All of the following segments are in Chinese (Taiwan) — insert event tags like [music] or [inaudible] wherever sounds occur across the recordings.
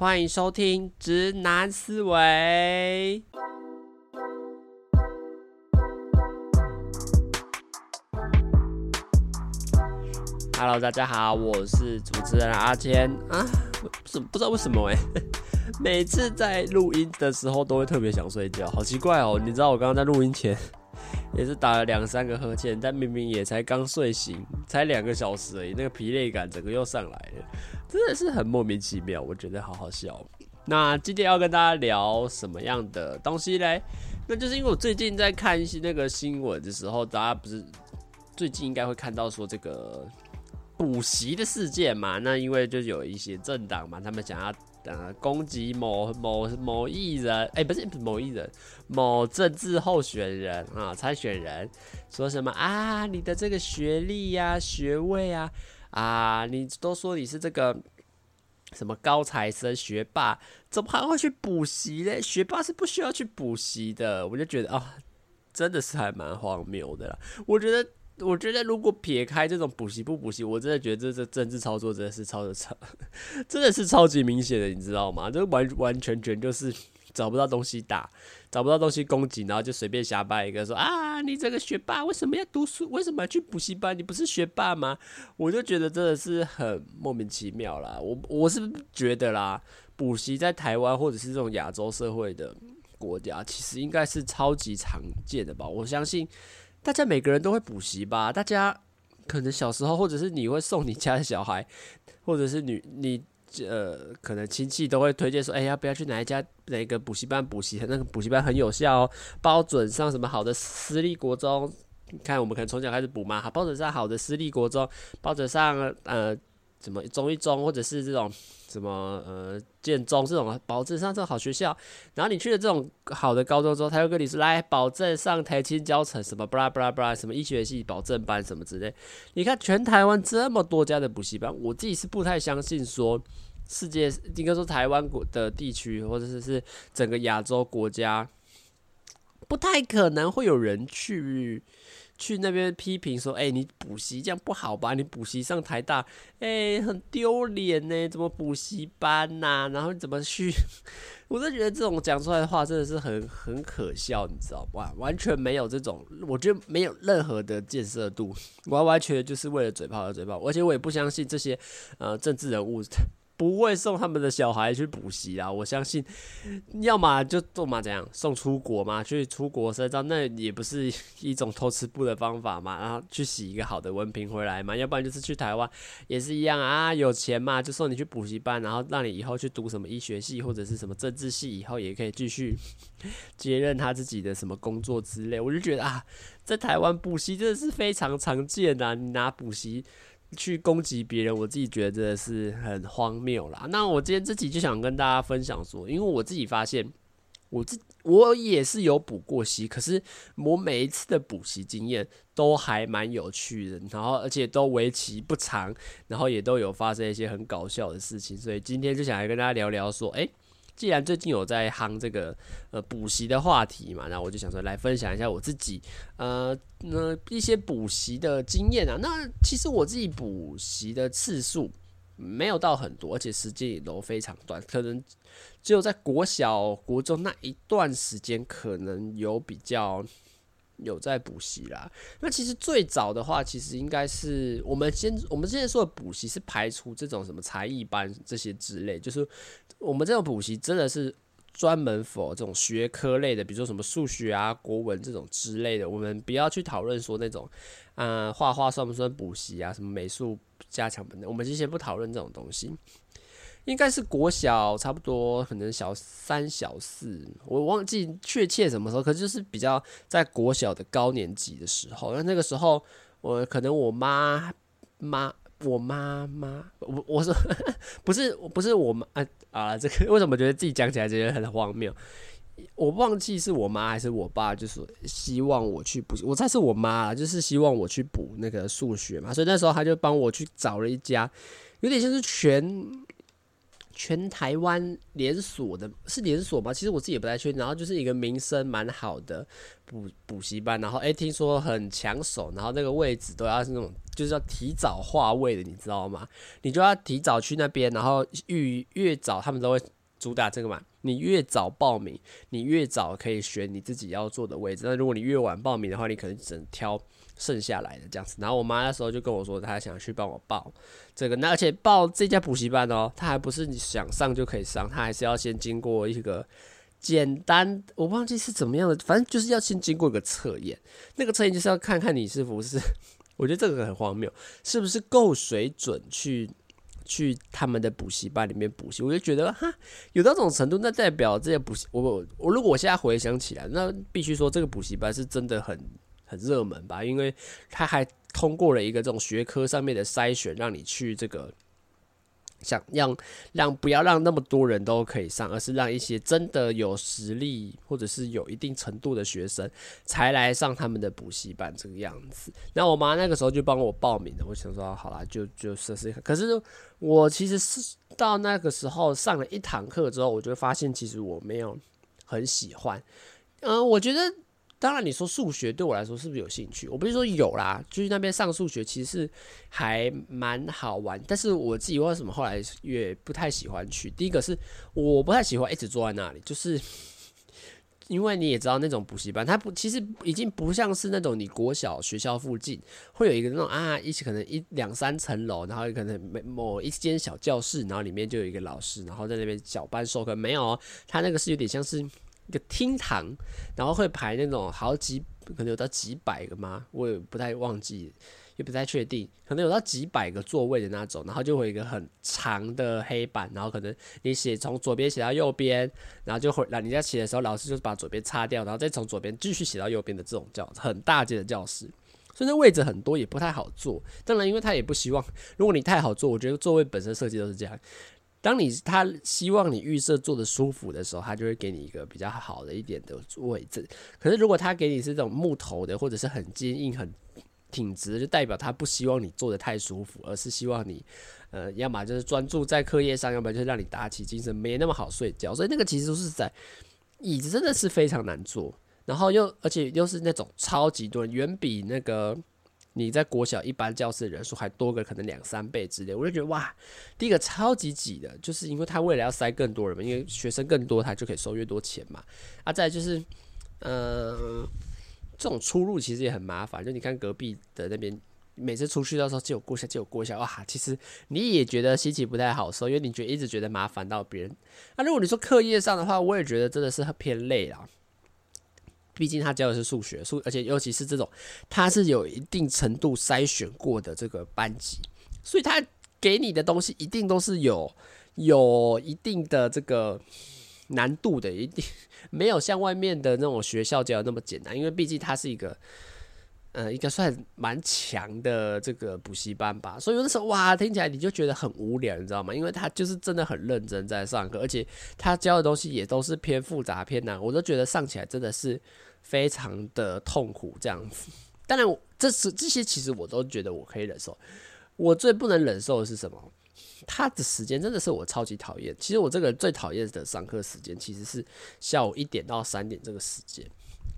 歡迎收聽《直男思維》。Hello，大家好，我是主持人阿謙啊，不不，不知道為什麼哎、欸，每次在錄音的時候都會特別想睡覺，好奇怪哦。你知道我剛剛在錄音前也是打了兩三個呵欠，但明明也才剛睡醒，才兩個小時而已，那個疲累感整個又上來了。真的是很莫名其妙，我覺得好好笑。那今天要跟大家聊什麼樣的東西嘞？那就是因為我最近在看一些那個新聞的時候，大家不是最近應該會看到說這個補習的事件嘛？那因為就有一些政黨嘛，他們想要呃攻擊某某某藝人，誒、欸，不是某藝人，某政治候選人啊，參選人，說什麼啊？你的這個學歷呀、啊，學位啊？啊，你都說你是這個什麼高材生學霸，怎麼還會去補習呢？學霸是不需要去補習的，我就覺得啊，真的是還蠻荒謬的啦。我覺得。我覺得如果撇開這種補習不補習，我真的覺得這這政治操作真的是超的超，真的是超級明顯的，你知道嗎？就完完全全就是找不到東西打，找不到東西攻擊，然後就隨便瞎掰一個說啊，你這個學霸為什麼要讀書？為什麼要去補習班？你不是學霸嗎？我就覺得真的是很莫名其妙啦。我我是覺得啦，補習在台灣或者是這種亞洲社會的國家，其實應該是超級常見的吧。我相信。大家每個人都會補習吧？大家可能小時候，或者是你會送你家的小孩，或者是你你呃，可能親戚都會推薦說，哎、欸，要不要去哪一家哪一個補習班補習？那個補習班很有效哦，包準上什麼好的私立國中。你看，我們可能從小開始補嘛，包準上好的私立國中，包準上呃，什麼中一中，或者是這種什麼呃。建中這種保證上這種好學校，然後你去了這種好的高中之後，他又跟你說，來保證上台清交成什麼，bla bla bla，什麼醫學系保證班什麼之類。你看全台灣這麼多家的補習班，我自己是不太相信說，世界，應該說台灣國的地區，或者是是整個亞洲國家，不太可能會有人去，去那邊批評說，哎、欸，你補習這樣不好吧？你補習上台大，哎、欸，很丟臉呢？怎麼補習班吶、啊？然後你怎麼去？ [laughs] 我都覺得這種講出來的話真的是很很可笑，你知道吧？完全沒有這種，我覺得沒有任何的建設度，完完全全就是為了嘴炮而嘴炮，而且我也不相信這些呃政治人物，不會送他們的小孩去補習啊！我相信要嘛，要麼就做嘛這樣，送出國嘛，去出國深造，那也不是一種偷吃步的方法嘛，然、啊、後去洗一個好的文憑回來嘛。要不然就是去台灣，也是一樣啊，有錢嘛，就送你去補習班，然後讓你以後去讀什麼醫學系或者是什麼政治系，以後也可以繼續呵呵接任他自己的什麼工作之類。我就覺得啊，在台灣補習真的是非常常見的、啊，你拿補習去攻擊別人，我自己覺得是很荒謬啦。那我今天這集就想跟大家分享說，因為我自己發現我，我自我也是有補過習，可是我每一次的補習經驗都還蠻有趣的，然後而且都為期不長，然後也都有發生一些很搞笑的事情，所以今天就想來跟大家聊聊說，哎、欸、既然最近有在夯這個呃補習的話題嘛，那我就想說來分享一下我自己呃一些補習的經驗啊。那其實我自己補習的次數沒有到很多，而且時間也都非常短，可能只有在國小、國中那一段時間可能有比較。有在補習啦，那其實最早的話，其實應該是我們先，我們之前說的補習是排除這種什麼才藝班這些之類，就是我們這種補習真的是專門 for 這種學科類的，比如說什麼數學啊、國文這種之類的，我們不要去討論說那種，啊畫畫算不算補習啊？什麼美術加強班，我們先先不討論這種東西。應該是國小差不多，可能小三、小四，我忘記確切什麼時候。可是就是比較在國小的高年級的時候，那那個時候我可能我媽媽、我媽媽，我我說不是不是我媽啊啊！這個為什麼覺得自己講起來覺得很荒謬？我忘記是我媽還是我爸，就是希望我去補習。我猜是我媽，就是希望我去補那個數學嘛。所以那時候他就幫我去找了一家，有點像是全。全台灣連鎖的，是連鎖嗎？其實我自己也不太確定。然後就是一個名聲蠻好的補補習班，然後誒、欸，聽說很搶手，然後那個位置都要是那種，就是要提早劃位的，你知道嗎？你就要提早去那邊，然後越越早他們都會。主打這個嘛，你越早報名，你越早可以選你自己要坐的位置。那如果你越晚報名的話，你可能只能挑剩下來的這樣子。然後我媽那時候就跟我說，她想去幫我報這個，那而且報這家補習班哦，他還不是你想上就可以上，他還是要先經過一個簡單，我忘記是怎麼樣的，反正就是要先經過一個測驗。那個測驗就是要看看你是不是，我覺得這個很荒謬，是不是夠水準去？去他們的補習班裡面補習，我就覺得哈，有到這種程度，那代表這些補習我，我如果我現在回想起來，那必須說這個補習班是真的很很熱門吧，因為他還通過了一個這種學科上面的篩選，讓你去這個。想讓讓不要讓那麼多人都可以上，而是讓一些真的有實力或者是有一定程度的學生才來上他們的補習班這個樣子。那我媽那個時候就幫我報名了。我想說，好了，就就試試。可是我其實是到那個時候上了一堂課之後，我就發現其實我沒有很喜歡。嗯、呃，我覺得。當然，你說數學對我來說是不是有興趣？我不是說有啦，就是那邊上數學其實還蠻好玩，但是我自己為什麼後來也不太喜歡去？第一個是我不太喜歡一直坐在那裡，就是因為你也知道那種補習班，它不其實已經不像是那種你國小學校附近會有一個那種啊，一起可能一兩三層樓，然後可能某某一間小教室，然後裡面就有一個老師，然後在那邊小班授課。沒有，它那個是有點像是。一個廳堂，然後會排那種好幾，可能有到幾百個嗎？我也不太忘記，也不太確定，可能有到幾百個座位的那種，然後就會有一個很長的黑板，然後可能你寫從左邊寫到右邊，然後就會，讓你在寫的時候，老師就是把左邊擦掉，然後再從左邊繼續寫到右邊的這種教很大間的教室，所以那位置很多也不太好坐。當然，因為他也不希望如果你太好坐，我覺得座位本身設計都是這樣。當你他希望你預設坐得舒服的時候，他就會給你一個比較好的一點的位置。可是如果他給你是這種木頭的，或者是很堅硬、很挺直，就代表他不希望你坐得太舒服，而是希望你，呃，要麼就是專注在課業上，要不然就是讓你打起精神，沒那麼好睡覺。所以那個其實就是在椅子真的是非常難坐，然後又而且又是那種超級多人，遠比那個。你在國小一般教室的人數還多個可能兩三倍之類，我就覺得哇，第一個超級擠的，就是因為他為了要塞更多人嘛，因為學生更多，他就可以收越多錢嘛。啊，再來就是，呃，這種出入其實也很麻煩，就你看隔壁的那邊，每次出去的時候借我過下、借我過下，哇，其實你也覺得心情不太好受，因為你覺得一直覺得麻煩到別人。啊，如果你說課業上的話，我也覺得真的是很偏累啊。畢竟他教的是數學，數，而且尤其是這種，他是有一定程度篩選過的這個班級，所以他給你的東西一定都是有有一定的這個難度的，一定沒有像外面的那種學校教的那麼簡單，因為畢竟他是一個。嗯、呃，一個算蠻強的這個補習班吧，所以有的時候哇，聽起來你就覺得很無聊，你知道嗎？因為他就是真的很認真在上課，而且他教的東西也都是偏複雜偏難，我都覺得上起來真的是非常的痛苦這樣子。當然，這是這些其實我都覺得我可以忍受。我最不能忍受的是什麼？他的時間真的是我超級討厭。其實我這個最討厭的上課時間其實是下午一點到三點這個時間。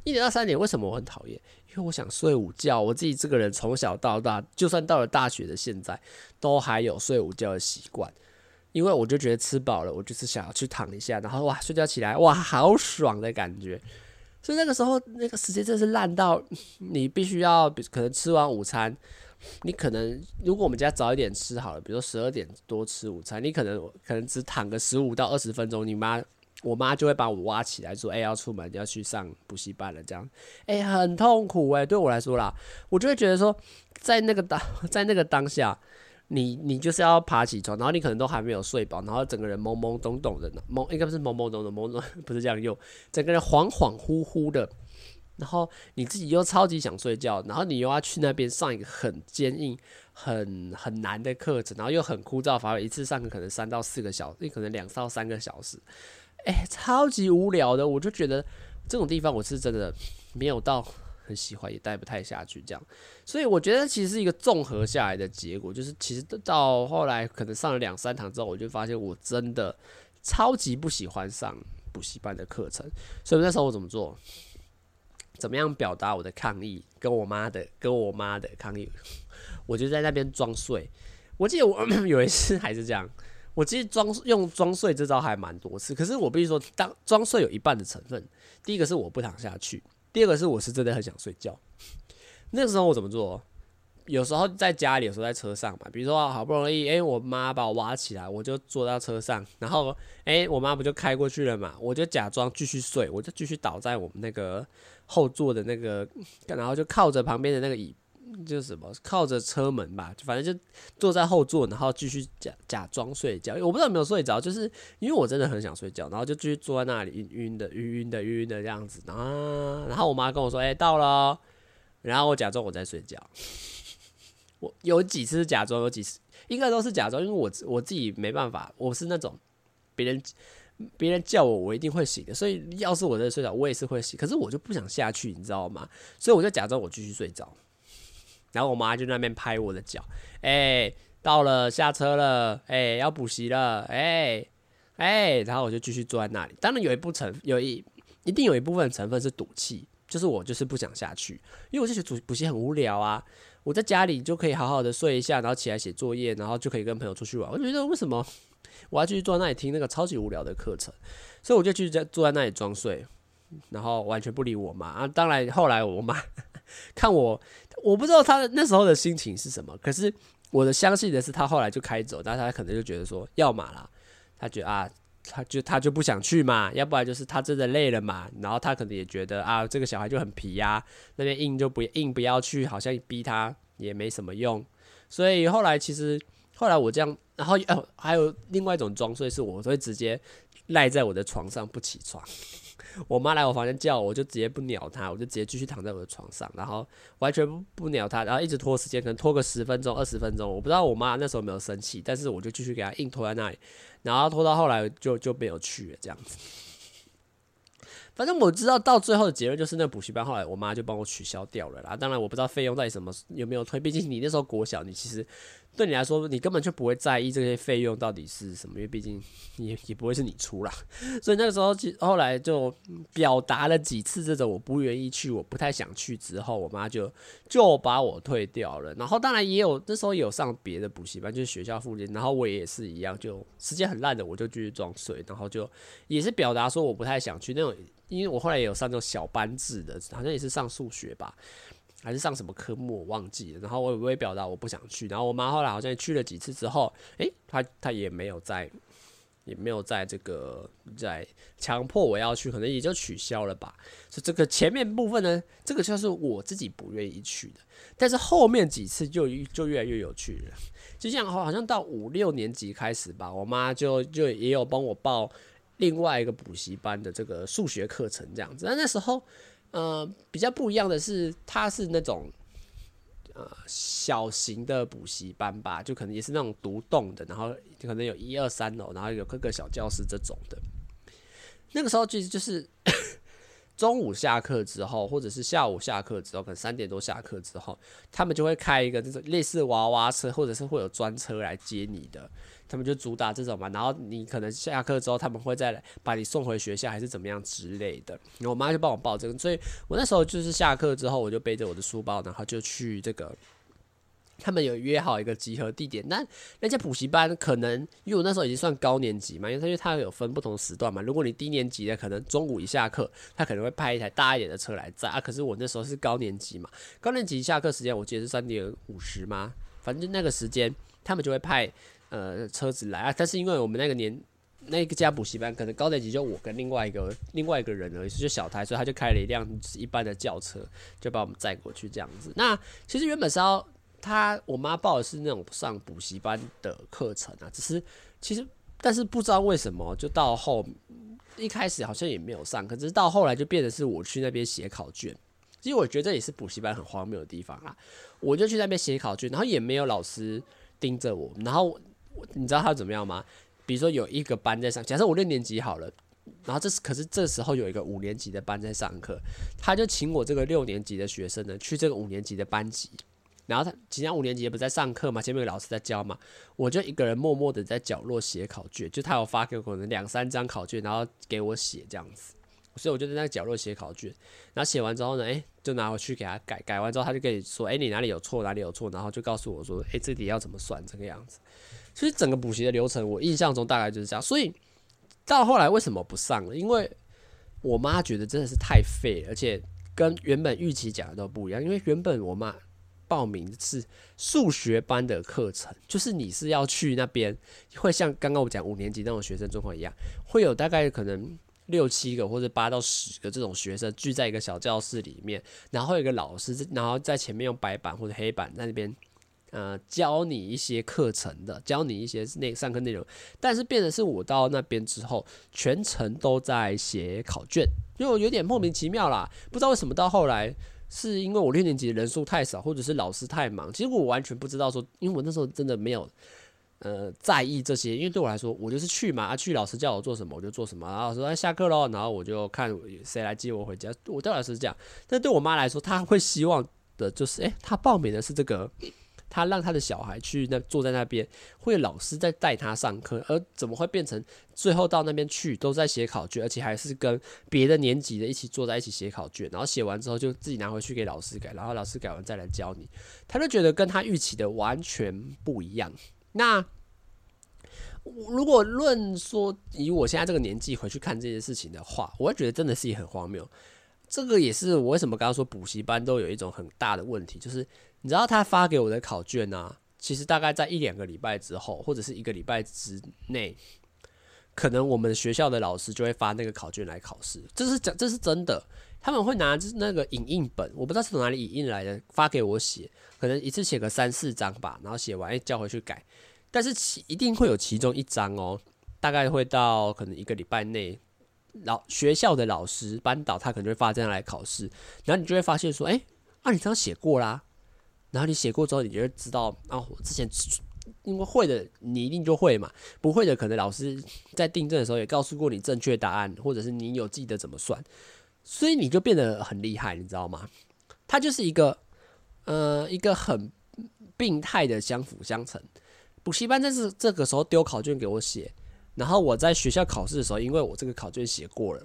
一點到三點為什麼我很討厭？因為我想睡午覺，我自己這個人從小到大，就算到了大學的現在，都還有睡午覺的習慣。因為我就覺得吃飽了，我就是想要去躺一下，然後哇，睡覺起來哇，好爽的感覺。所以那個時候那個時間真的是爛到你必須要，可能吃完午餐，你可能如果我們家早一點吃好了，比如說十二點多吃午餐，你可能可能只躺個十五到二十分鐘，你媽。我媽就會把我挖起來說：“哎，要出門，要去上補習班了。”這樣，哎，很痛苦哎。對我來說啦，我就會覺得說，在那個當，在那個當下，你你就是要爬起床，然後你可能都還沒有睡飽，然後整個人懵懵懂懂的，懵應該不是懵懵懂懂，懵懂不是這樣用，整個人恍恍惚惚的，然後你自己又超級想睡覺，然後你又要去那邊上一個很堅硬、很很難的課程，然後又很枯燥，乏味。一次上課可能三到四個小時，那可能兩到三個小時。哎、欸，超級無聊的，我就覺得這種地方我是真的沒有到很喜歡，也待不太下去這樣。所以我覺得其實是一個綜合下來的結果，就是其實到後來可能上了兩三堂之後，我就發現我真的超級不喜歡上補習班的課程。所以那時候我怎麼做？怎麼樣表達我的抗議？跟我媽的，跟我媽的抗議，我就在那邊裝睡。我記得我有一次還是這樣。我其實裝用裝睡這招還蠻多次，可是我必須說，當裝睡有一半的成分。第一個是我不躺下去，第二個是我是真的很想睡覺。那時候我怎麼做？有時候在家裡，有時候在車上嘛。比如說好不容易，欸，我媽把我挖起來，我就坐到車上，然後欸，我媽不就開過去了嘛？我就假裝繼續睡，我就繼續倒在我們那個後座的那個，然後就靠着旁邊的那個椅。就是什麼靠着車門吧，就反正就坐在後座，然後繼續假假裝睡覺。我不知道有沒有睡着，就是因為我真的很想睡覺，然後就繼續坐在那裡暈暈的、暈暈的、暈暈的、暈暈的這樣子啊。然後我媽跟我說：“哎，到了。”然後我假裝我在睡覺。我有幾次假裝，有幾次應該都是假裝，因為我我自己沒辦法，我是那種別人別人叫我，我一定會醒的。所以要是我在睡覺，我也是會醒。可是我就不想下去，你知道嗎？所以我就假裝我繼續睡着。然後我媽就在那邊拍我的腳，哎、欸，到了，下車了，哎、欸，要補習了，哎、欸，哎、欸，然後我就繼續坐在那裡。當然有一部分有一一定有一部分成分是賭氣，就是我就是不想下去，因為我就覺得補習很無聊啊，我在家裡就可以好好的睡一下，然後起來寫作業，然後就可以跟朋友出去玩。我就覺得為什麼我要繼續坐在那裡聽那個超級無聊的課程？所以我就繼續在坐在那裡裝睡，然後完全不理我媽啊。當然後來我媽看我。我不知道他的那時候的心情是什麼，可是我的相信的是，他後來就開走，但是他可能就覺得說，要嘛啦，他覺啊，他就他就不想去嘛，要不然就是他真的累了嘛，然後他可能也覺得啊，這個小孩就很皮呀、啊，那邊硬就不硬不要去，好像逼他也沒什麼用，所以後來其實後來我這樣，然後哦、呃，還有另外一種裝睡，所以是我會直接賴在我的床上不起床。我媽來我房間叫我，我就直接不鳥她，我就直接繼續躺在我的床上，然後完全不不鳥她，然後一直拖時間，可能拖個十分鐘、二十分鐘，我不知道我媽那時候有沒有生氣，但是我就繼續給她硬拖在那裡，然後拖到後來就就沒有去了，這樣子。反正我知道到最後的結論就是那補習班，後來我媽就幫我取消掉了啦。當然我不知道費用到底什麼有沒有退，畢竟你那時候國小，你其實。對你來說，你根本就不會在意這些費用到底是什麼，因為畢竟也也不會是你出啦，所以那個時候，後來就表達了幾次這種我不願意去，我不太想去之後，我媽就就把我退掉了。然後當然也有，那時候也有上別的補習班，就是學校附近，然後我也是一樣，就時間很爛的，我就繼續裝睡，然後就也是表達說我不太想去那種，因為我後來也有上這種小班制的，好像也是上數學吧。還是上什麼科目我忘記了，然後我也不會表達我不想去，然後我媽後來好像去了幾次之後，誒，她她也沒有再也沒有再這個再強迫我要去，可能也就取消了吧。所以這個前面部分呢，這個就是我自己不願意去的，但是後面幾次就就越來越有趣了。就這樣好像到五六年級開始吧，我媽就就也有幫我報另外一個補習班的這個數學課程這樣子，但那時候。呃，比較不一樣的是，它是那種呃小型的補習班吧，就可能也是那種獨棟的，然後就可能有一二三樓，然後有各個小教室這種的。那個時候其實就是。 [laughs] 中午下課之後，或者是下午下課之後，可能三點多下課之後，他們就會開一個那種類似娃娃車，或者是會有專車來接你的。他們就主打這種嘛，然後你可能下課之後，他們會再來把你送回學校還是怎麼樣之類的。然後我媽就幫我報這個，所以我那時候就是下課之後，我就背着我的書包，然後就去這個。他們有約好一個集合地點，那那家補習班可能因為我那時候已經算高年級嘛，因為他因為他有分不同時段嘛。如果你低年級的，可能中午一下課，他可能會派一台大一點的車來載啊。可是我那時候是高年級嘛，高年級下課時間我記得是三點五十嘛，反正就那個時間他們就會派呃車子來啊。但是因為我們那個年那個家補習班，可能高年級就我跟另外一個另外一個人而已，就小台，所以他就開了一輛一般的轎車就把我們載過去這樣子。那其實原本是要。他我媽報的是那種上補習班的課程啊，只是其實但是不知道為什麼，就到後一開始好像也沒有上課，可是到後來就變得是我去那邊寫考卷。其實我覺得也是補習班很荒謬的地方啦、啊。我就去那邊寫考卷，然後也沒有老師盯着我。然後你知道他怎麼樣嗎？比如說有一個班在上，假設我六年級好了，然後這是可是這時候有一個五年級的班在上課，他就請我這個六年級的學生呢去這個五年級的班級。然後他，平常五年級也不是在上課嘛，前面有個老師在教嘛，我就一個人默默的在角落寫考卷，就他有發給我可能兩三張考卷，然後給我寫這樣子，所以我就在那角落寫考卷，然後寫完之後呢，哎，就拿回去給他改，改完之後他就給你說，哎，你哪裡有錯，哪裡有錯，然後就告訴我說，哎，這題要怎麼算這個樣子。所以整個補習的流程，我印象中大概就是這樣。所以到後來為什麼不上了，因為我媽覺得真的是太廢了，而且跟原本預期講的都不一樣，因為原本我媽。報名是數學班的課程，就是你是要去那邊，會像剛剛我講五年級那種學生狀況一樣，會有大概可能六七個或者八到十個這種學生聚在一個小教室裡面，然後有一個老師，然後在前面用白板或者黑板在那邊，呃，教你一些課程的，教你一些那上課內容，但是變成是我到那邊之後，全程都在寫考卷，因為我有點莫名其妙啦，不知道為什麼到後來。是因為我六年級的人數太少，或者是老師太忙。其實我完全不知道說，因為我那時候真的沒有，呃，在意這些。因為對我來說，我就是去嘛，啊、去老師叫我做什麼我就做什麼。然後老師說哎下課嘍，然後我就看誰來接我回家。我當然是這樣，但對我媽來說，她會希望的就是哎，她報名的是這個。他讓他的小孩去那坐在那邊，會有老師在帶他上課，而怎麼會變成最後到那邊去都在寫考卷，而且還是跟別的年級的一起坐在一起寫考卷，然後寫完之後就自己拿回去給老師改，然後老師改完再來教你，他就覺得跟他預期的完全不一樣。那如果論說以我現在這個年紀回去看這件事情的話，我會覺得真的是也很荒謬。這個也是我為什麼剛剛說補習班都有一種很大的問題，就是。你知道他發給我的考卷呢、啊，其實大概在一兩個禮拜之後，或者是一個禮拜之內，可能我們學校的老師就會發那個考卷來考試。這是這，這是真的。他們會拿就是那個影印本，我不知道是從哪裡影印來的，發給我寫，可能一次寫個三四張吧。然後寫完，哎、欸，交回去改。但是其一定會有其中一張哦，大概會到可能一個禮拜內，老學校的老師班導他可能會發這樣來考試。然後你就會發現說，哎、欸，啊，你這樣寫過啦。然後你寫過之後，你就會知道啊。我、哦、之前因為會的，你一定就會嘛。不會的，可能老師在訂正的時候也告訴過你正確答案，或者是你有記得怎麼算，所以你就變得很厲害，你知道嗎？它就是一個呃一個很病態的相輔相成。補習班在這，這個時候丟考卷給我寫，然後我在學校考試的時候，因為我這個考卷寫過了，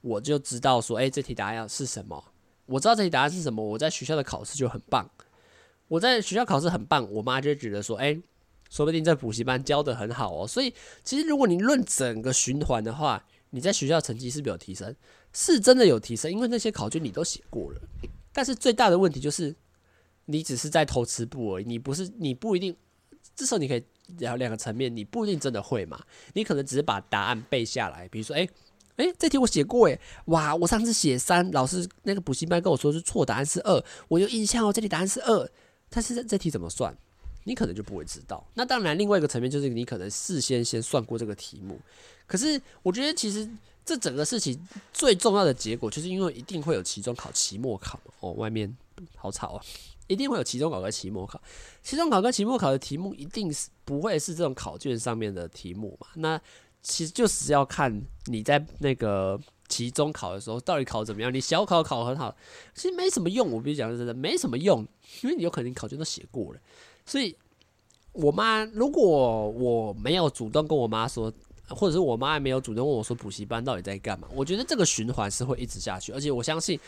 我就知道說，哎，這題答案是什麼？我知道這題答案是什麼，我在學校的考試就很棒。我在學校考試很棒，我媽就覺得說，誒、欸，說不定這補習班教得很好哦、喔。所以其實如果你論整個循環的話，你在學校成績是不是有提升？是真的有提升，因為那些考卷你都寫過了。但是最大的問題就是，你只是在偷吃步而已。你不是，你不一定至少你可以聊兩個層面，你不一定真的會嘛。你可能只是把答案背下來，比如說，誒、欸，誒、欸，這題我寫過、欸，哎哇，我上次寫三，老師那個補習班跟我說是錯答案是二，我有印象哦、喔，這題答案是二。但是這題怎麼算，你可能就不會知道。那當然，另外一個層面就是你可能事先先算過這個題目。可是我覺得，其實這整個事情最重要的結果，就是因為一定會有期中考、期末考。哦，外面好吵啊！一定會有期中考跟期末考，期中考跟期末考的題目一定是不會是這種考卷上面的題目嘛？那其實就是要看你在那個。期中考的時候到底考怎麼樣？你小考考得很好，其實沒什麼用。我必須講，真的沒什麼用，因為你有可能考卷都寫過了。所以，我媽如果我沒有主動跟我媽說，或者是我媽也沒有主動問我說，補習班到底在幹嘛，我覺得這個循環是會一直下去。而且我相信，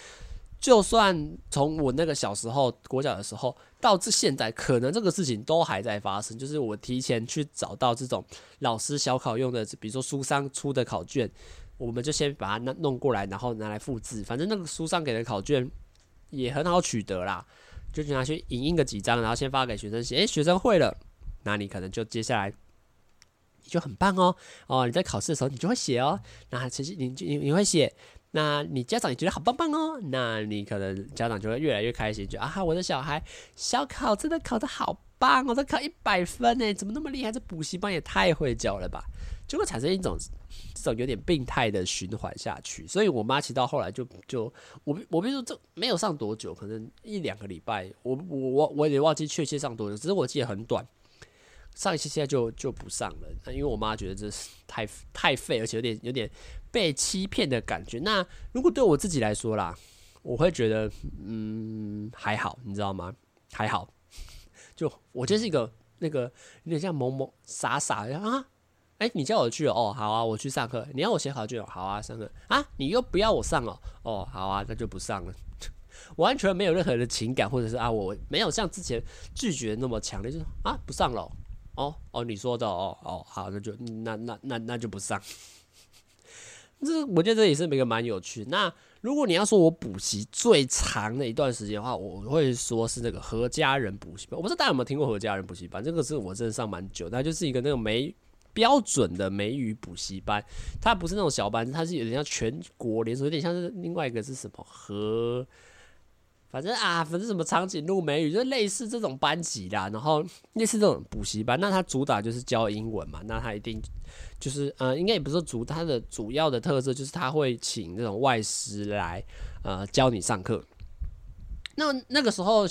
就算從我那個小時候國小的時候到這現在，可能這個事情都還在發生。就是我提前去找到這種老師小考用的，比如說書上出的考卷，我們就先把它弄過來，然後拿來複製。反正那個書上給的考卷也很好取得啦，就拿去影印個幾張，然後先發給學生寫。哎，學生會了，那你可能就接下來你就很棒哦。哦，你在考試的時候你就會寫哦。那其實你你你，你會寫。那你家長也覺得好棒棒哦，那你可能家長就會越來越開心，就啊哈，我的小孩小考真的考得好棒，我都考一百分呢，怎麼那麼厲害？這補習班也太會教了吧？就會產生一種這種有點病態的循環下去。所以我媽其實到後來就就我我比如說這沒有上多久，可能一兩個禮拜，我我我我也忘記確切上多久，只是我記得很短，上一期現在就就不上了，因為我媽覺得這是太太費，而且有點有點，被欺騙的感覺。那如果對我自己來說啦，我會覺得嗯還好，你知道嗎？還好。就我就是一個那個有點像懵懵傻傻的啊。哎、欸，你叫我去哦，哦，好啊，我去上課。你要我寫好就、哦、好啊，上課啊。你又不要我上哦，哦，好啊，那就不上了。 [laughs] 完全沒有任何的情感，或者是啊，我沒有像之前拒絕那麼強烈，就啊不上了哦。哦哦，你說的哦哦好，那就那那那那就不上。這我覺得這也是每個蠻有趣的。那如果你要說我補習最長的一段時間的話，我會說是那個何嘉仁補習班。我不知道大家有沒有聽過何嘉仁補習班，這個是我真的上蠻久。它就是一個那個美標準的美語補習班，它不是那種小班，它是有點像全國連鎖，有點像是另外一個是什麼和。反正啊，反正什麼長頸鹿美語，就類似這種班級啦，然後類似這種補習班，那他主打就是教英文嘛，那他一定就是呃，應該也不是主，他的主要的特色就是他會請這種外師來呃教你上課。那那個時候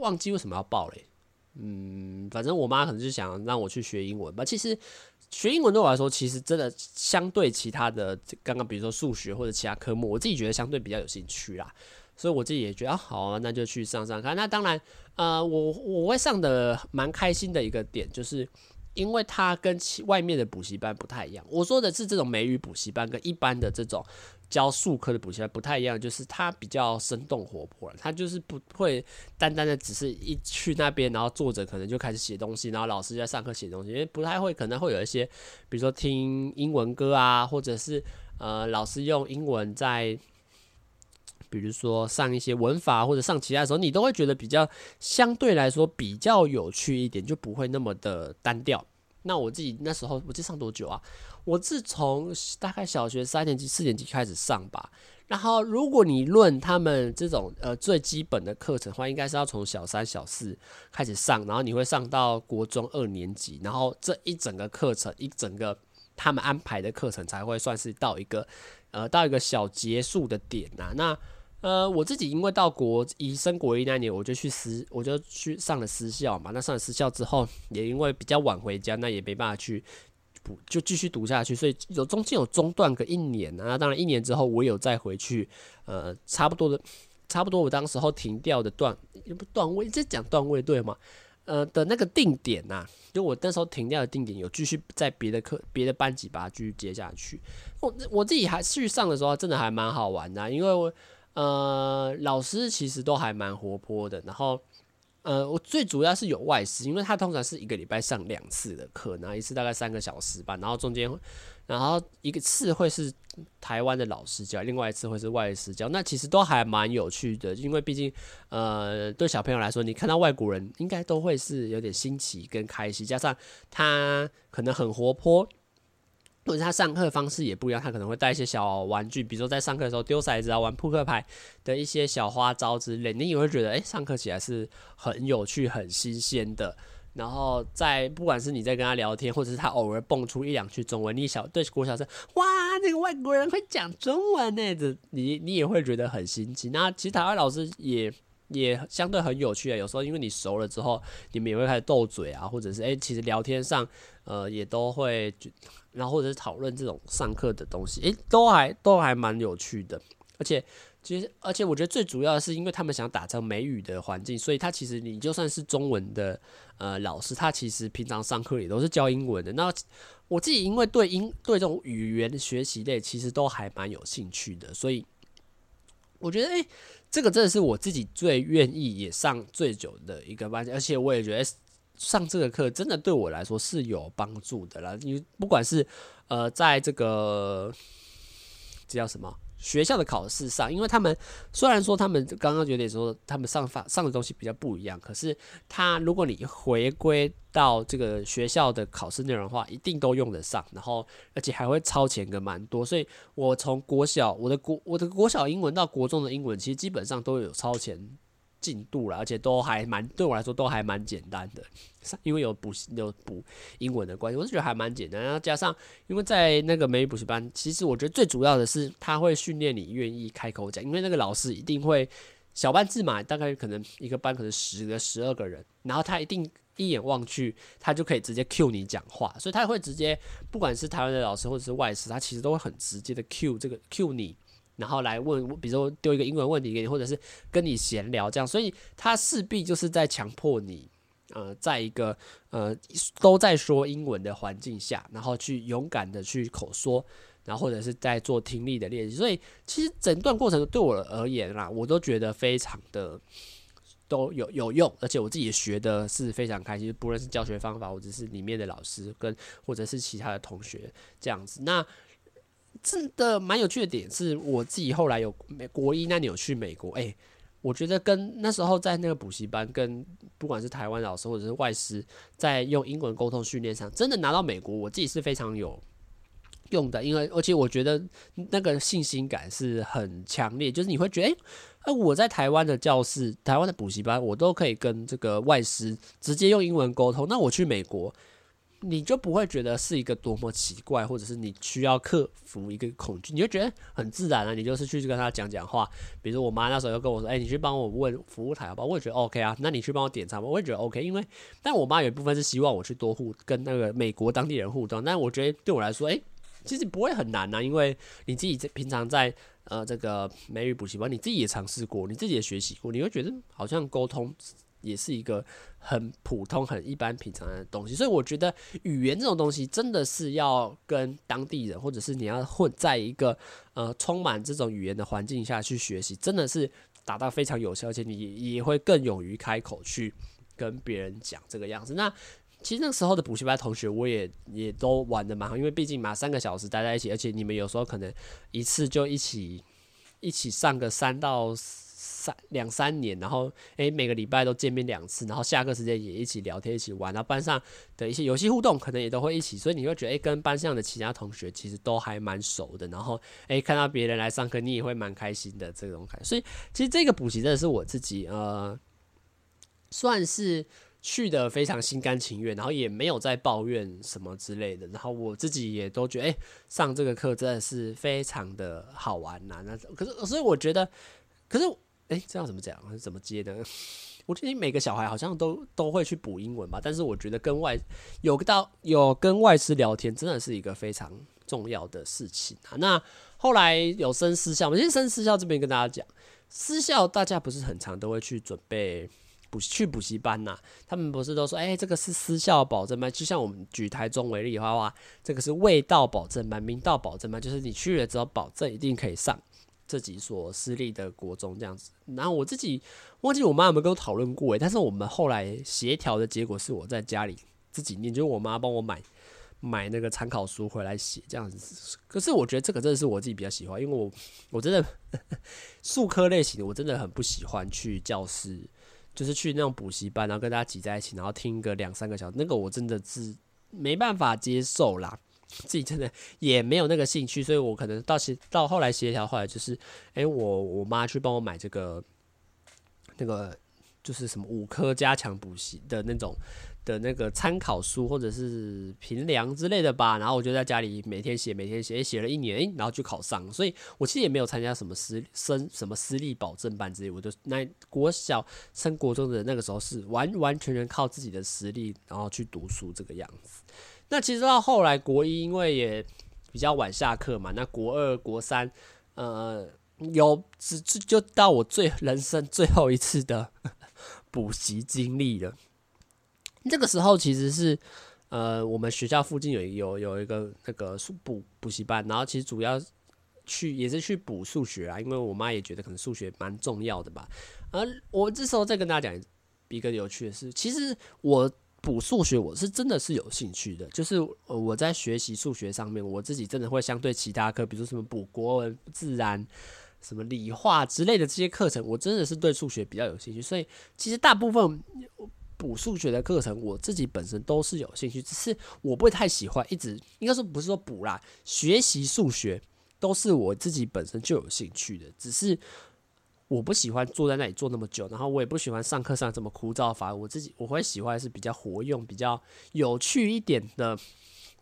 忘記為什麼要報嘞、欸，嗯，反正我媽可能就想讓我去學英文吧。其實學英文對我來說，其實真的相對其他的剛剛比如說數學或者其他科目，我自己覺得相對比較有興趣啦。所以我自己也覺得啊好啊，那就去上上看。那當然，呃，我我會上的蠻開心的一個點，就是因為它跟其外面的補習班不太一樣。我說的是這種美語補習班，跟一般的這種教數科的補習班不太一樣，就是它比較生動活潑，它就是不會單單的只是一去那邊然後坐着可能就開始寫東西，然後老師在上課寫東西，因為不太會可能會有一些，比如說聽英文歌啊，或者是呃老師用英文在。比如說上一些文法或者上其他的時候，你都會覺得比較相對來說比較有趣一點，就不會那麼的單調。那我自己那時候，我記得上多久啊？我自從大概小學三年級、四年級開始上吧。然後，如果你論他們這種呃最基本的課程的話，應該是要從小三、小四開始上，然後你會上到國中二年級，然後這一整個課程一整個他們安排的課程才會算是到一個呃到一個小結束的點吶、啊。那呃，我自己因為到國一升國一那年，我就去私我就去上了私校嘛。那上了私校之後，也因為比較晚回家，那也沒辦法去補，就繼續讀下去。所以有中間有中斷個一年啊。那當然一年之後，我有再回去，呃，差不多的，差不多我當時候停掉的段，不段位，一直講段位對嗎？呃的那個定點吶、啊，就我那時候停掉的定點，有繼續在別的課、別的班級把它繼續接下去。我我自己還去上的時候，真的還蠻好玩的、啊，因為我。呃，老師其實都還蠻活潑的。然後，呃，我最主要是有外師，因為他通常是一個禮拜上兩次的課，然後一次大概三個小時吧。然後中間，然後一次會是台灣的老師教，另外一次會是外師教。那其實都還蠻有趣的，因為畢竟，呃，對小朋友來說，你看到外國人應該都會是有點新奇跟開心，加上他可能很活潑。或者他上課方式也不一樣，他可能會帶一些小玩具，比如說在上課的時候丟骰子啊、玩撲克牌的一些小花招之類，你也會覺得，誒、欸，上課起來是很有趣、很新鮮的。然後在，不管是你在跟他聊天，或者是他偶爾蹦出一兩句中文，你小對國小生，哇，那個外國人會講中文呢、欸，這你你也會覺得很新奇。那其實台灣老師也也相對很有趣啊、欸，有時候因為你熟了之後，你們也會開始鬥嘴啊，或者是誒、欸，其實聊天上，呃，也都會。然後或者是討論這種上課的東西，誒，都還都還蠻有趣的，而且其實而且我覺得最主要的是，因為他們想打造美語的環境，所以他其實你就算是中文的呃老師，他其實平常上課也都是教英文的。那我自己因為對英對這種語言學習類其實都還蠻有興趣的，所以我覺得誒，這個真的是我自己最願意也上最久的一個班，而且我也覺得。上這個課真的對我來說是有幫助的啦。你不管是呃，在這個這叫什麼學校的考試上，因為他們雖然說他們剛剛覺得說他們上法上的東西比較不一樣，可是他如果你回歸到這個學校的考試內容的話，一定都用得上。然後而且還會超前個蠻多，所以我從國小我的國我的國小英文到國中的英文，其實基本上都有超前，進度了，而且都還蠻對我來說都還蠻簡單的，因為有補習有補英文的關係，我是覺得還蠻簡單。然後加上，因為在那個美語補習班，其實我覺得最主要的是他會訓練你願意開口講，因為那個老師一定會小班制嘛，大概可能一個班可能十個、十二個人，然後他一定一眼望去，他就可以直接 Q 你講話，所以他會直接，不管是台灣的老師或者是外師，他其實都會很直接的 Q 這個 Q 你。然後來問，比如說丟一個英文問題給你，或者是跟你閒聊這樣，所以他勢必就是在強迫你，呃，在一個呃都在說英文的環境下，然後去勇敢的去口說，然後或者是在做聽力的練習。所以其實整段過程對我而言啦，我都覺得非常的都有有用，而且我自己學的是非常開心，不論是教學方法，或者是裡面的老師跟，或者是其他的同學這樣子，那。真的蠻有趣的點是，我自己後來有美國一那年有去美國，哎，我覺得跟那時候在那個補習班，跟不管是台灣老師或者是外師，在用英文溝通訓練上，真的拿到美國，我自己是非常有用的。因為而且我覺得那個信心感是很強烈，就是你會覺得，誒，哎，我在台灣的教室、台灣的補習班，我都可以跟這個外師直接用英文溝通，那我去美國。你就不會覺得是一個多麼奇怪，或者是你需要克服一個恐懼，你就覺得很自然啊，你就是去跟他講講話，比如說我媽那時候又跟我說：“哎，你去幫我問服務台吧，我也覺得 OK 啊。那你去幫我點餐吧，我也覺得 OK。因為，但我媽有一部分是希望我去多互跟那個美國當地人互動，但我覺得對我來說，哎，其實不會很難吶。因為你自己平常在呃這個美語補習班，你自己也嘗試過，你自己也學習過，你會覺得好像溝通。也是一個很普通、很一般、平常的東西，所以我覺得語言這種東西真的是要跟當地人，或者是你要混在一個呃充滿這種語言的環境下去學習，真的是達到非常有效，而且你也會更勇於開口去跟別人講這個樣子。那其實那時候的補習班同學，我也也都玩得蠻好，因為畢竟嘛三個小時待在一起，而且你們有時候可能一次就一起一起上個三到四。三兩三年，然後哎、欸，每個禮拜都見面兩次，然後下課時間也一起聊天、一起玩，然後班上的一些遊戲互動，可能也都會一起，所以你會覺得哎、欸，跟班上的其他同學其實都還蠻熟的。然後哎、欸，看到別人來上課，你也會蠻開心的這種感覺。所以其實這個補習真的是我自己呃，算是去得非常心甘情願，然後也沒有在抱怨什麼之類的。然後我自己也都覺得哎、欸，上這個課真的是非常的好玩吶、啊。那可是，所以我覺得，可是。哎、欸，這樣怎麼講？怎麼接呢？我覺得每個小孩好像都都會去補英文吧，但是我覺得跟外有個到有跟外師聊天，真的是一個非常重要的事情啊。那後來有生私校，我們先生私校這邊跟大家講，私校大家不是很常都會去準備補去補習班吶、啊。他們不是都說，哎、欸，這個是私校保證班，就像我們舉台中為例，哇哇，這個是衛道保證班，明道保證班，就是你去了之後保證一定可以上。這幾所私立的國中這樣子，然後我自己忘記我媽有沒有跟我討論過，哎，但是我們後來協調的結果是我在家裡自己念，就是我媽幫我買買那個參考書回來寫這樣子。可是我覺得這個真的是我自己比較喜歡，因為我我真的數科類型的我真的很不喜歡去教室，就是去那種補習班，然後跟大家擠在一起，然後聽個兩三個小時，那個我真的是沒辦法接受啦。自己真的也沒有那個興趣，所以我可能到時到後來協調，後來就是，誒、欸，我我媽去幫我買這個，那個就是什麼五科加強補習的那種的那個參考書，或者是評量之類的吧。然後我就在家裡每天寫，每天寫，寫、欸、了一年，欸、然後就考上。所以我其實也沒有參加什麼私生什麼私立保證班之類的。我就那國小升國中的那個時候，是完完全全靠自己的實力，然後去讀書這個樣子。那其實到後來，國一因為也比較晚下課嘛，那國二、國三，呃，有只就，就到我最人生最後一次的補習經歷了。那、這個時候其實是，呃，我們學校附近有有有一個那個補補習班，然後其實主要去也是去補數學啊，因為我媽也覺得可能數學蠻重要的吧。而我這時候再跟大家講一個有趣的事，其實我。補數學我是真的是有興趣的，就是呃我在學習數學上面，我自己真的會相對其他科，比如說什麼補國文、自然、什麼理化之類的這些課程，我真的是對數學比較有興趣。所以其實大部分補數學的課程，我自己本身都是有興趣，只是我不會太喜歡。一直應該說不是說補啦，學習數學都是我自己本身就有興趣的，只是。我不喜歡坐在那裡坐那麼久，然後我也不喜歡上課上這麼枯燥乏味。反而我自己，我會喜歡是比較活用、比較有趣一點的。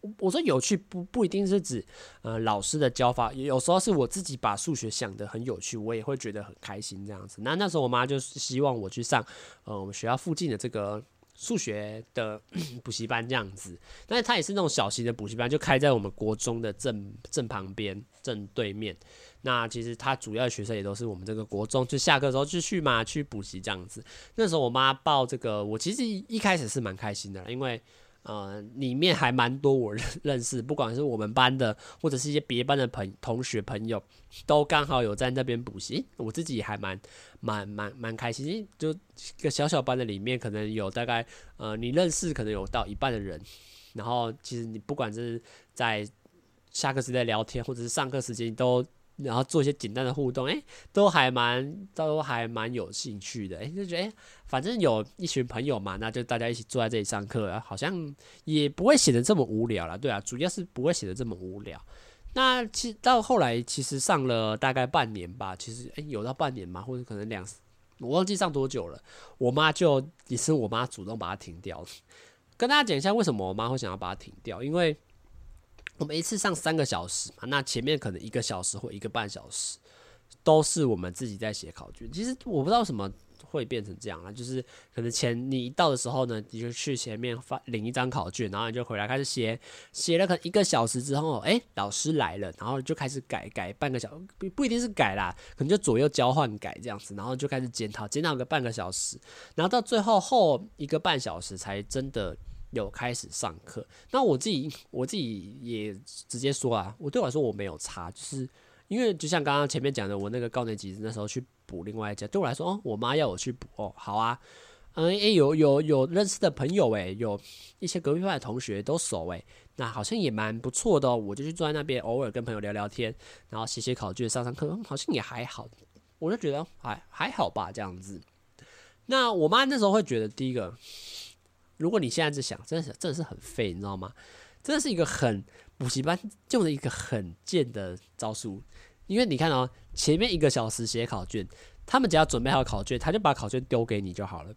我，我說有趣不不一定是指呃老師的教法，有時候是我自己把數學想得很有趣，我也會覺得很開心這樣子。那那時候我媽就希望我去上，呃我們學校附近的這個。數學的補習班這樣子，但是它也是那種小型的補習班，就開在我們國中的正正旁邊，正對面。那其實它主要的學生也都是我們這個國中，就下課之後就去嘛，去補習這樣子。那時候我媽報這個，我其實一，一開始是蠻開心的，因為。呃，裡面還蠻多我認認識，不管是我們班的，或者是一些別班的朋友同學朋友，都剛好有在那邊補習，我自己還蠻，蠻蠻蠻開心，就一個小小班的裡面，可能有大概呃，你認識可能有到一半的人，然後其實你不管是在下課時間聊天，或者是上課時間都。然後做一些簡單的互動，哎，都還蠻，都還蠻有興趣的，哎，就覺得，哎，反正有一群朋友嘛，那就大家一起坐在這裡上課，好像也不會顯得這麼無聊啦。對啊，主要是不會顯得這麼無聊。那其實到後來，其實上了大概半年吧，其實，哎，有到半年嘛，或者可能兩，我忘記上多久了。我媽就也是我媽主動把它停掉了。跟大家講一下為什麼我媽會想要把它停掉，因為。我們一次上三個小時嘛，那前面可能一個小時或一個半小時都是我們自己在寫考卷。其實我不知道為什麼會變成這樣啊，就是可能前你一到的時候呢，你就去前面發領一張考卷，然後你就回來開始寫，寫了可能一個小時之後，哎、欸，老師來了，然後就開始改，改半個小時，不不一定是改啦，可能就左右交換改這樣子，然後就開始檢討，檢討個半個小時，然後到最後後一個半小時才真的。有開始上課，那我自己我自己也直接說啊，我對我來說我沒有差，就是因為就像剛剛前面講的，我那個高年級那時候去補另外一家，對我來說哦，我媽要我去補哦，好啊，嗯，哎、欸，有有有認識的朋友誒、欸，有一些隔壁班的同學都熟誒、欸，那好像也蠻不錯的哦、喔，我就去坐在那邊偶爾跟朋友聊聊天，然後寫寫考卷上上課、嗯，好像也還好，我就覺得還還好吧這樣子。那我媽那時候會覺得第一個。如果你現在就想，真的是真的是很廢，你知道嗎？真的是一個很補習班就是一個很賤的招數。因為你看哦、喔，前面一個小時寫考卷，他們只要準備好考卷，他就把考卷丟給你就好了。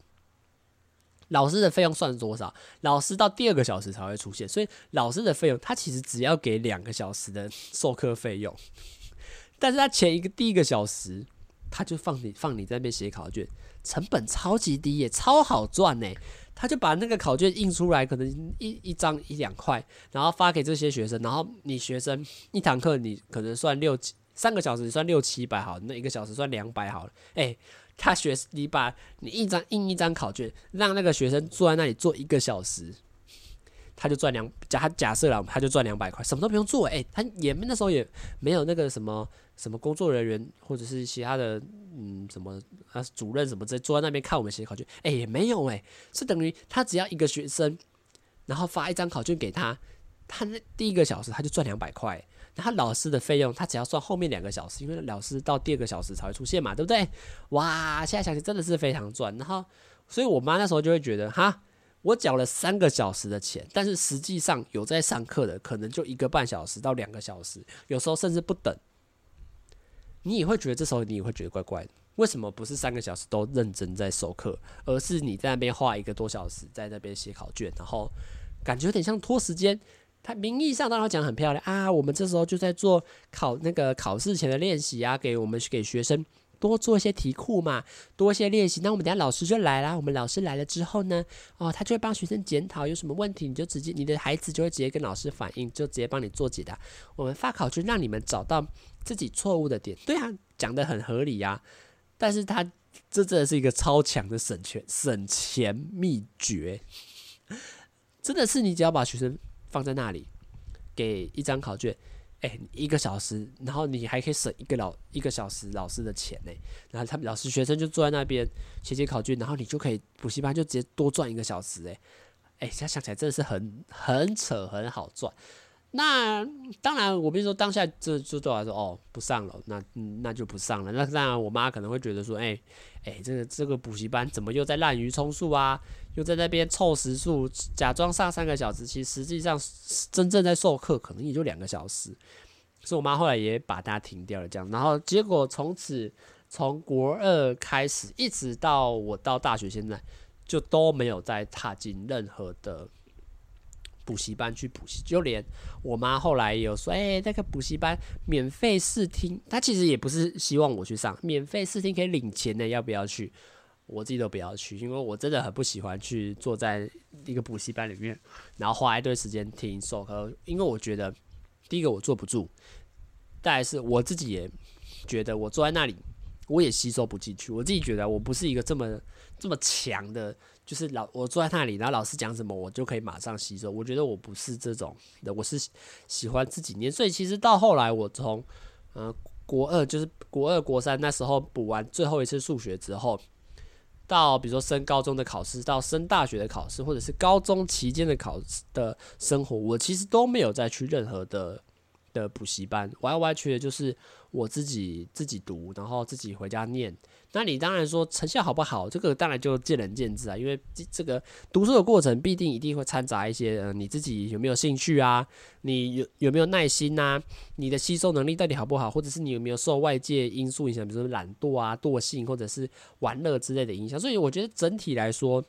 老師的費用算是多少？老師到第二個小時才會出現，所以老師的費用他其實只要給兩個小時的授課費用。但是他前一個第一個小時，他就放你放你在那邊寫考卷，成本超級低、欸，也超好賺呢、欸。他就把那個考卷印出來，可能一一張一兩塊，然後發給這些學生。然後你學生一堂課，你可能算六七三個小時，算六七百好，那一個小時算兩百好了。哎，他學你把你一張印一張考卷，讓那個學生坐在那裡坐一個小時。他就賺兩假，他假設了他就賺兩百塊，什麼都不用做，哎、欸，他也沒那時候也沒有那個什麼什麼工作人員或者是其他的，嗯，什麼啊主任什麼坐在那邊看我們寫考卷，哎、欸，也沒有，哎，是等於他只要一個學生，然後發一張考卷給他，他那第一個小時他就賺兩百塊，然後他老師的費用他只要算後面兩個小時，因為老師到第二個小時才會出現嘛，對不對？哇，現在想想真的是非常賺，然後所以我媽那時候就會覺得哈。我繳了三個小時的錢，但是實際上有在上課的可能就一個半小時到兩個小時，有時候甚至不等。你也會覺得這時候你也會覺得怪怪的，為什麼不是三個小時都認真在授課，而是你在那邊花一個多小時，在那邊寫考卷，然後感覺有點像拖時間？他名義上當然講很漂亮啊，我們這時候就在做考那個考試前的練習啊，給我們給學生。多做一些題庫嘛，多一些練習。那我們等下老師就來啦，我們老師來了之後呢，哦，他就會幫學生檢討有什麼問題，你就直接你的孩子就會直接跟老師反映，就直接幫你做解答。我們發考卷讓你們找到自己錯誤的點，對啊，講得很合理呀，啊。但是他這真的是一個超強的省錢省錢秘訣，真的是你只要把學生放在那裡，給一張考卷。哎，欸、一個小時，然後你還可以省一個老一個小時老師的錢呢、欸。然後他們老師學生就坐在那邊寫寫考卷，然後你就可以補習班就直接多賺一個小時、欸。哎，誒，現在想起來真的是很很扯，很好賺。那當然，我必須說當下這就，就對我來說，哦，不上了，那那就不上了。那當然，我媽可能會覺得說，哎、欸、誒、欸，這個這個補習班怎麼又在濫竽充數啊？就在那邊湊時數，假裝上三個小時，其實實際上真正在授課可能也就兩個小時。所以我媽後來也把它停掉了，這樣。然後結果從此從國二開始，一直到我到大學，現在就都沒有再踏進任何的補習班去補習，就連我媽後來也有說：“誒，那個補習班免費試聽，她其實也不是希望我去上，免費試聽可以領錢的、欸，要不要去？”我自己都不要去，因為我真的很不喜歡去坐在一個補習班裡面，然後花一堆時間聽授課。因為我覺得，第一個我坐不住，再是我自己也覺得我坐在那裡，我也吸收不進去。我自己覺得我不是一個這麼這麼強的，就是老我坐在那裡，然後老師講什麼我就可以馬上吸收。我覺得我不是這種的，我是喜，喜歡自己念。所以其實到後來我，我從呃國二就是國二國三那時候補完最後一次數學之後。到比如說升高中的考試，到升大學的考試，或者是高中期間的考試的生活，我其實都沒有再去任何的的補習班，歪歪曲的，就是我自己自己讀，然後自己回家念。那你當然說成效好不好？這個當然就見仁見智啊，因為這個讀書的過程必定一定會摻雜一些，嗯、呃，你自己有沒有興趣啊？你有有沒有耐心啊？你的吸收能力到底好不好？或者是你有沒有受外界因素影響，比如說懶惰啊、惰性，或者是玩樂之類的影響？所以我覺得整體來說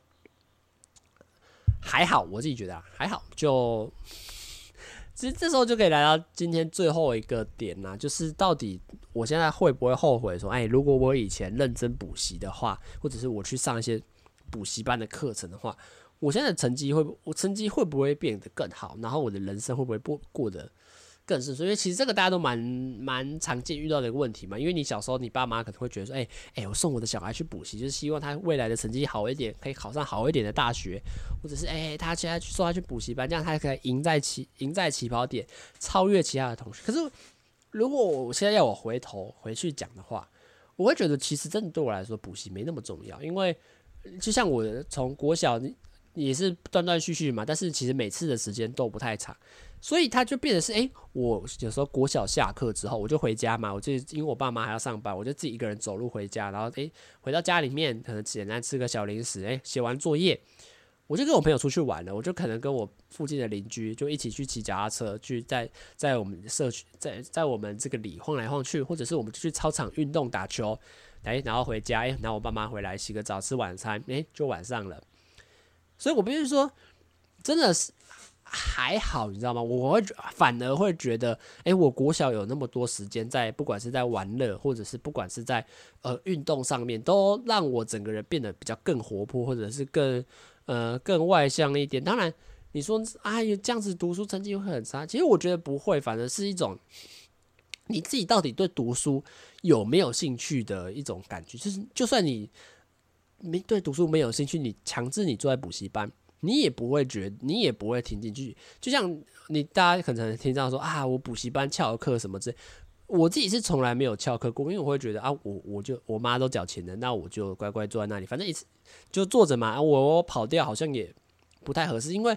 還好，我自己覺得啊，還好，就。其實這時候就可以來到今天最後一個點啦、啊，就是到底我現在會不會後悔？說，哎、欸，如果我以前認真補習的話，或者是我去上一些補習班的課程的話，我現在的成績會，我成績會不會變得更好？然後我的人生會不會過過得？所以其實這個大家都蠻蠻常見遇到的一個問題嘛，因為你小時候你爸媽可能會覺得說，哎、欸欸、我送我的小孩去補習，就是希望他未來的成績好一點，可以考上好一點的大學，或者是哎、欸、他現在去送他去補習班，這樣他可以贏在起贏在起跑點，超越其他的同學。可是如果我現在要我回頭回去講的話，我會覺得其實真的對我來說補習沒那麼重要，因為就像我從國小也是斷斷續續嘛，但是其實每次的時間都不太長。所以他就變成是，哎、欸，我有時候國小下課之後，我就回家嘛，我就因為我爸媽還要上班，我就自己一個人走路回家，然後哎、欸，回到家裡面可能簡單吃個小零食，哎、欸，寫完作業，我就跟我朋友出去玩了，我就可能跟我附近的鄰居就一起去騎腳踏車，去在在我們社區，在在我們這個裡晃來晃去，或者是我們就去操場運動打球，哎、欸，然後回家，欸、然後我爸媽回來洗個澡吃晚餐，哎、欸，就晚上了。所以我不用說，真的是。還好，你知道嗎？我會反而會覺得，哎、欸，我國小有那麼多時間在，不管是在玩樂，或者是不管是在呃運動上面，都讓我整個人變得比較更活潑，或者是更呃更外向一點。當然，你說啊有、哎、這樣子讀書成績會很差，其實我覺得不會，反而是一種你自己到底對讀書有沒有興趣的一種感覺。就是就算你沒對讀書沒有興趣，你強制你坐在補習班。你也不會覺得，你也不會聽進去，就像你大家可能聽到說啊，我補習班翹課什麼之類，我自己是從來沒有翹課過，因為我會覺得啊，我我就我媽都繳錢的，那我就乖乖坐在那裡，反正一次就坐着嘛我，我跑掉好像也不太合適，因為。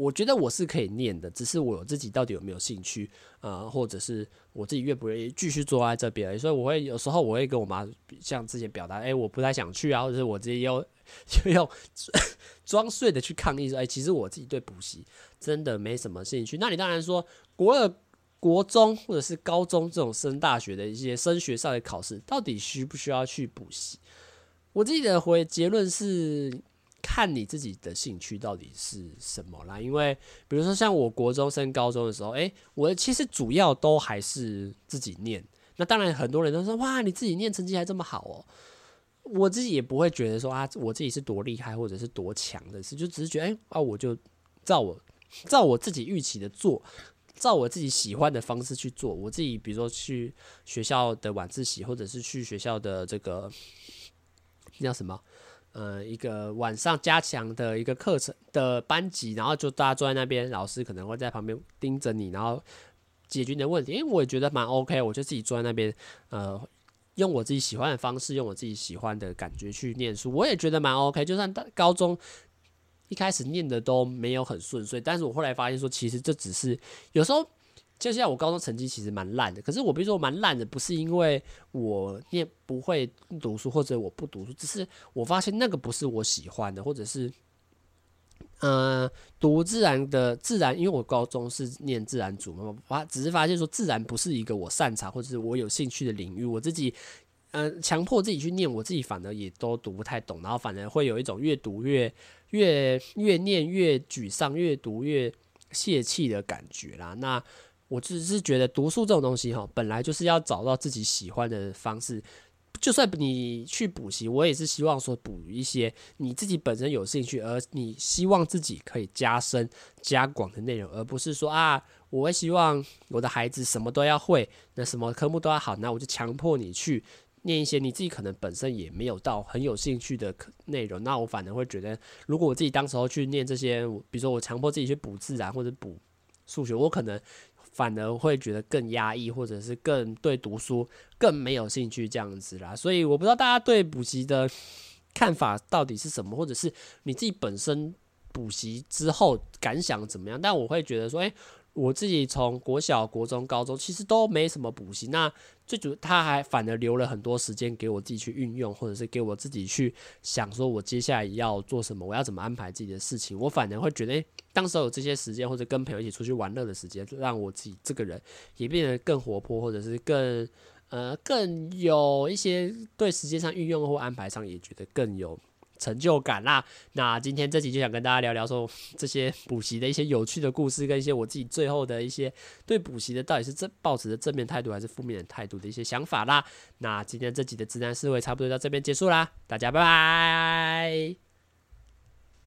我覺得我是可以念的，只是我自己到底有沒有興趣啊、呃，或者是我自己願不願意繼續坐在這邊而已？所以，我會有時候我會跟我媽像之前表達，誒、欸，我不太想去啊，或者是我自己要裝 [laughs] 睡的去抗議說，欸、其實我自己對補習真的沒什麼興趣。那你當然說，國二、國中或者是高中這種升大學的一些升學上的考試，到底需不需要去補習？我自己的回結論是。看你自己的興趣到底是什麼啦，因為比如說像我國中升高中的時候，哎，我其實主要都還是自己念。那當然很多人都說哇，你自己念成績還這麼好哦、喔。我自己也不會覺得說啊，我自己是多厲害或者是多強的，是就只是覺得哎、欸、啊，我就照我照我自己預期的做，照我自己喜歡的方式去做。我自己比如說去學校的晚自習，或者是去學校的這個那叫什麼？呃，一個晚上加強的一個課程的班級，然後就大家坐在那邊，老師可能會在旁邊盯着你，然後解決你的問題。因為我也覺得蠻 OK，我就自己坐在那邊，呃，用我自己喜歡的方式，用我自己喜歡的感覺去念書，我也覺得蠻 OK。就算大高中一開始念的都沒有很順遂，但是我後來發現說，其實這只是有時候。就像我高中成績其實蠻爛的，可是我比如說蠻爛的，不是因為我念不會讀書或者我不讀書，只是我發現那個不是我喜歡的，或者是，嗯、呃、讀自然的自然，因為我高中是念自然組嘛，我發只是發現說自然不是一個我擅長或者是我有興趣的領域，我自己，嗯、呃、強迫自己去念，我自己反而也都讀不太懂，然後反而會有一種越讀越越越念越沮喪、越讀越洩氣的感覺啦，那。我只是覺得讀書這種東西，哈，本來就是要找到自己喜歡的方式。就算你去補習，我也是希望說補一些你自己本身有興趣，而你希望自己可以加深加廣的內容，而不是說啊，我會希望我的孩子什麼都要會，那什麼科目都要好，那我就強迫你去念一些你自己可能本身也沒有到很有興趣的課內容。那我反而會覺得，如果我自己當時候去念這些，比如說我強迫自己去補自然或者補數學，我可能。反而會覺得更壓抑，或者是更對讀書更沒有興趣這樣子啦。所以我不知道大家對補習的看法到底是什麼，或者是你自己本身補習之後感想怎麼樣？但我會覺得說，欸。我自己從國小、國中、高中其實都沒什麼補習，那最主他還反而留了很多時間給我自己去運用，或者是給我自己去想說，我接下來要做什麼，我要怎麼安排自己的事情。我反而會覺得，誒，當時有這些時間，或者跟朋友一起出去玩樂的時間，讓我自己這個人也變得更活潑，或者是更呃更有一些對時間上運用或安排上也覺得更有。成就感啦，那今天這集就想跟大家聊聊說，這些補習的一些有趣的故事，跟一些我自己最後的一些對補習的到底是正抱持的正面態度，還是負面的態度的一些想法啦。那今天這集的直男思維差不多到這邊結束啦，大家拜拜。